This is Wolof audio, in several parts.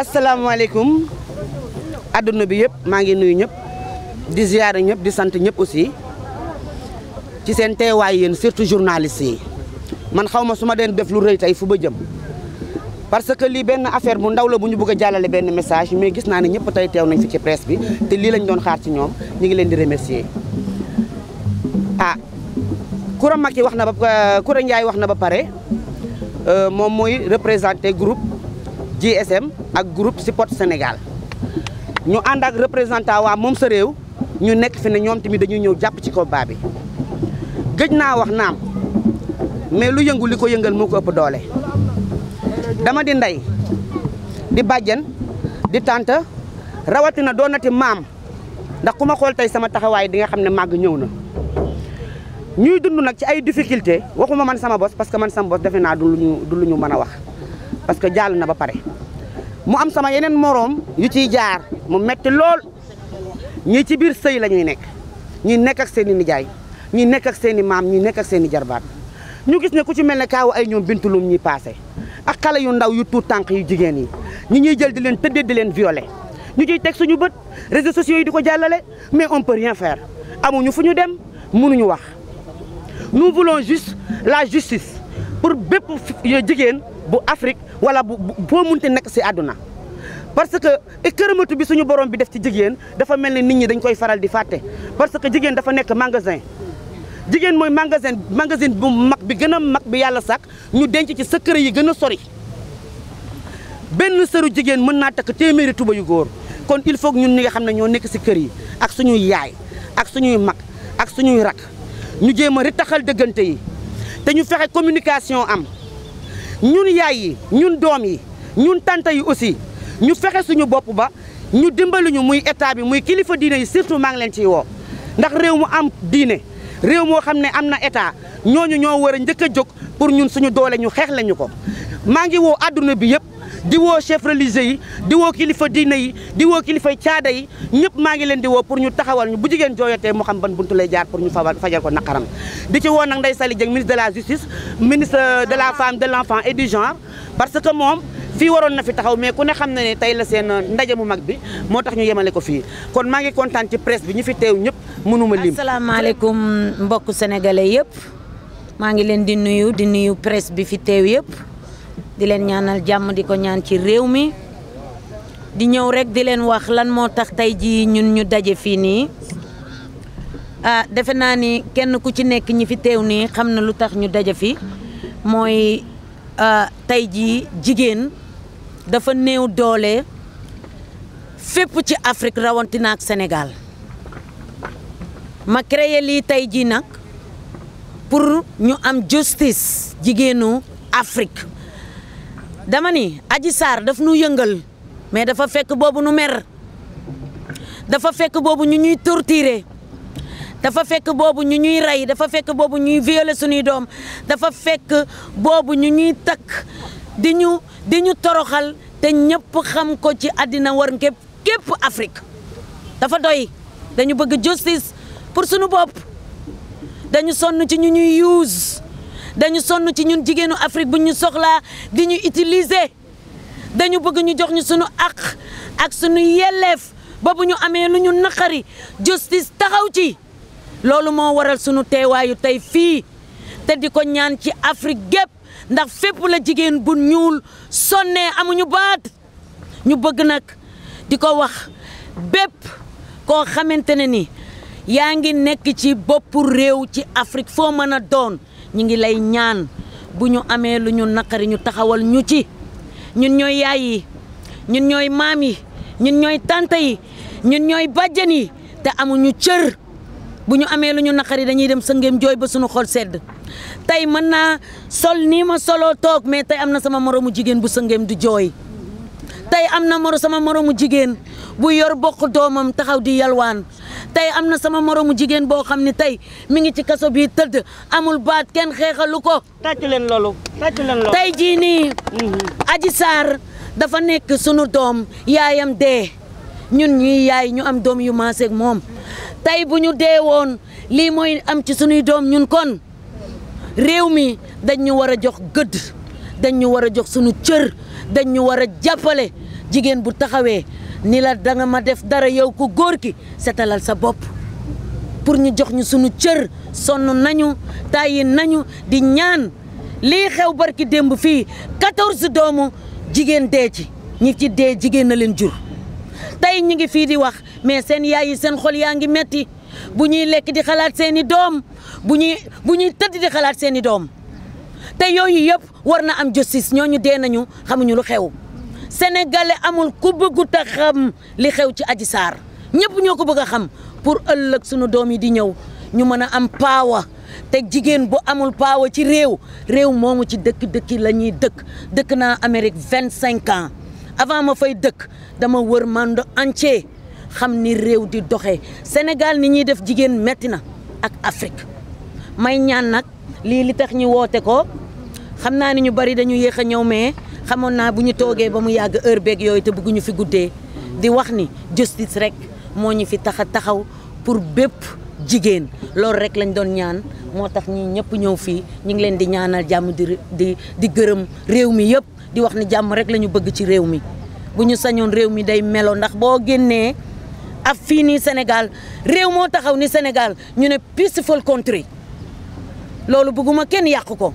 asalaamaaleykum adduna bi yëpp maa ngi nuyu ñëpp di ziyaara ñëpp di sant ñëpp aussi ci seen teewaay yéen surtout journalistes yi man xaw ma su ma den def lu rëy tey fu ba jëm parce que lii benn affaire bu ndaw la bu ñu bugg a jàllale benn message mais gis naa ne ñëpp tey teew nañ fi ci presse bi te lii lañ doon xaar ci ñoom ñu ngi leen di remercier ah mag Macky wax na ba Koura Ndiaye wax na ba pare euh, moom mooy représenté groupe ji GSM ak groupe Support Sénégal ñu ànd ak représentant waa moom sa réew ñu nekk fi ne ñoom tamit dañuy ñëw jàpp ci combat bi gëj naa wax naam mais lu yëngu li ko yëngal moo ko ëpp doole dama di ndey di bàjjen di tante rawatina doonati maam ndax ku ma xool tey sama taxawaay di nga xam ne màgg ñëw na ñuy dund nag ci ay difficulté waxuma man sama bos parce que man sama bos defe naa du lu ñu du lu ñu mën a wax parce que jàll na ba pare mu am sama yeneen moroom yu ciy jaar mu metti lool ñii ci biir sëy la ñuy nekk ñi nekk ak seen i nijaay ñi nekk ak seen maam ñi nekk ak seen i jarbaat ñu gis ne ku ci mel ne kaaw ay ñoom bintulum ñi paase ak xale yu ndaw yu tuut tànk yu jigéen ñi ñi ñuy jël di leen tëddee di leen violé ñu ciy teg suñu bët réseaux sociaux yi di ko jàllale mais on peut rien faire amuñu fu ñu dem mënuñu wax nous voulons juste la justice pour bépp jigéen bu Afrique wala bu boo munte nekk si àdduna parce que ékërëmatu bi suñu borom bi def ci jigéen dafa mel ne nit ñi dañ koy faral di fàtte parce que jigéen dafa nekk magasin jigéen mooy magasin magasin bu mag bi gën a mag bi yàlla sàkk ñu denc ci secret yi gën a sori benn sëru jigéen mën naa takk téeméeri tuba yu góor kon il faut ñun ñi nga xam ne ñoo nekk si kër yi ak suñuy yaay ak suñuy mag ak suñuy rak ñu jéem a ritaxal dëggante yi te ñu fexe communication am ñun yaay yi ñun doom yi ñun tante yi aussi ñu fexe suñu bopp ba ñu dimbali ñu muy état bi muy kilifa diine yi surtout maa ngi leen ciy woo ndax réew mu am diine réew moo xam ne am na état ñooñu ñoo war a njëkk a jóg pour ñun suñu doole ñu xeex lañu ko maa ngi woo àdduna bi yëpp di woo chef religieux yi di woo kilifa diine yi di woo kilifay caada yi ñëpp maa ngi leen di woo pour ñu taxawal ñu bu jigéen jooyatee moo xam ban buntu lay jaar pour ñu fawal fajal ko naqaram di ci woo nag Ndeye Saly Dieng ministre de la justice ministre de la femme de l' enfant et du genre parce que moom fii waroon na fi taxaw mais ku ne xam ne ne tey la seen ndaje mu mag bi moo tax ñu yemale ko fii kon maa ngi kontaan ci presse bi ñu fi teew ñëpp mënuma lim asalaamaaleykum mbokk sénégalais yëpp maa ngi leen di nuyu di nuyu presse bi fi teew yëpp di leen ñaanal jàmm di ko ñaan ci réew mi di ñëw rekk di leen wax lan moo tax tey jii ñun ñu daje fii nii ah defe naa ni kenn ku ci nekk ñi fi teew nii xam na lu tax ñu daje fi mooy ah, tey jii jigéen dafa néew doole fépp ci Afrique rawatina ak Sénégal ma créé lii tey jii nag pour ñu am justice jigéenu Afrique dama ni Adji Sarr daf nu yëngal mais dafa fekk boobu nu mer dafa fekk boobu ñu ñuy torturer dafa fekk boobu ñu ñuy rey dafa fekk boobu ñuy violer suñuy doom dafa fekk boobu ñu ñuy takk di ñu di ñu toroxal te ñëpp xam ko ci àddina war képp képp Afrique dafa doy dañu bëgg justice pour suñu bopp dañu sonn ci ñu ñuy use dañu sonn ci ñun jigéenu Afrique bu ñu soxlaa di ñu utiliser dañu bëgg ñu jox ñu sunu àq ak sunu yelleef ba bu ñu amee lu ñu naqari justice taxaw ci loolu moo waral sunu teewaayu tey fii te di ko ñaan ci afrig gépp ndax fépp la jigéen bu ñuul sonnee amuñu baat ñu bëgg nag di ko wax bépp koo xamante ne ni yaa ngi nekk ci boppu réew ci Afrique foo mën a doon ñi ngi lay ñaan bu ñu amee lu ñu naqari ñu taxawal ñu ci ñun ñooy yaay ñun ñooy maam yi ñun ñooy tante yi ñun ñooy bàjjan yi te amuñu cër bu ñu amee lu ñu naqari dañuy dem sëngeem jooy ba suñu xol sedd tey mën naa sol nii ma solo toog mais tey am na sama moromu jigéen bu sëngeem di jooy tey am na moro sama moroomu jigéen bu yor bokk doomam taxaw di yalwaan tey am na sama moroomu jigéen boo xam ne tey mi ngi ci kaso bii tëdd amul baat kenn xeexalu ko. tàccu leen loolu tey jii nii. Mhm. aji Sarr dafa nekk sunu doom yaayam dee ñun ñii yaay ñu am doom yu maaseeg moom tey bu ñu dee woon lii mooy am ci sunuy doom ñun kon réew mi dañ ñu war a jox gëdd dañ ñu war a jox sunu cër dañ ñu war a jàppale jigéen bu taxawee. ni la danga ma def dara yow ku góor ki setalal sa bopp pour ñu jox ñu sunu cër sonn nañu tàyyi nañu di ñaan lii xew barki démb fii 14 doomu jigéen dee ci ñi ci dee jigéen na leen jur tey ñu ngi fii di wax mais seen yaay yi seen xol yaa ngi metti bu ñuy lekk di xalaat seeni doom bu ñuy bu ñuy tëdd di xalaat seeni doom te yooyu yëpp war na am justice ñooñu dee nañu xamuñu lu xew sénégalais amul ku bëggut a xam li xew ci Adji Sarr ñëpp ñoo ko bëgg a xam pour ëllëg sunu doom yi di ñëw ñu mën a am paawa te jigéen bu amul paawa ci réew réew moomu ci dëkk-dëkki lañuy dëkk dëkk naa Amérique vingt cinq ans avant ma fay dëkk dama wër monde entier xam ni réew di doxee Sénégal ni ñuy def jigéen metti na ak Afrique may ñaan nag lii li tax ñu woote ko xam naa ni ñu bari dañu yéex a ñëw mais xamoon naa bu ñu toogee ba mu yàgg heure beeg yooyu te bëgguñu fi guddee di wax ni justice rek moo ñu fi tax a taxaw pour bépp jigéen loolu rek lañ doon ñaan moo tax ñi ñëpp ñëw fii ñu ngi leen di ñaanal jàmm di di di gërëm réew mi yëpp di wax ni jàmm rek lañu bëgg ci réew mi bu ñu sañoon réew mi day melo ndax boo génnee ab fii nii senegal réew moo taxaw ni senegal ñu ne peaceful country loolu bëgguma kenn yàq ko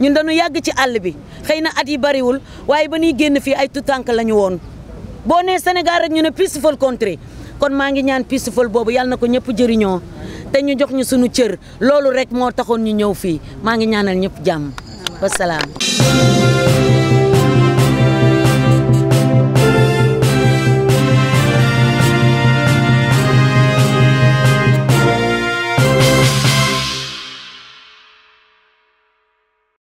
ñun dañu yàgg ci àll bi xëy na at yi bariwul waaye ba ñuy génn fii ay tutànk la ñu woon boo nee Sénégal rek ñu ne peaceful country kon maa ngi ñaan peaceful boobu yàlla na ko ñëpp jëriñoo te ñu jox ñu sunu cër loolu rek moo taxoon ñu ñëw fii maa ngi ñaanal ñëpp jàmm wasalaam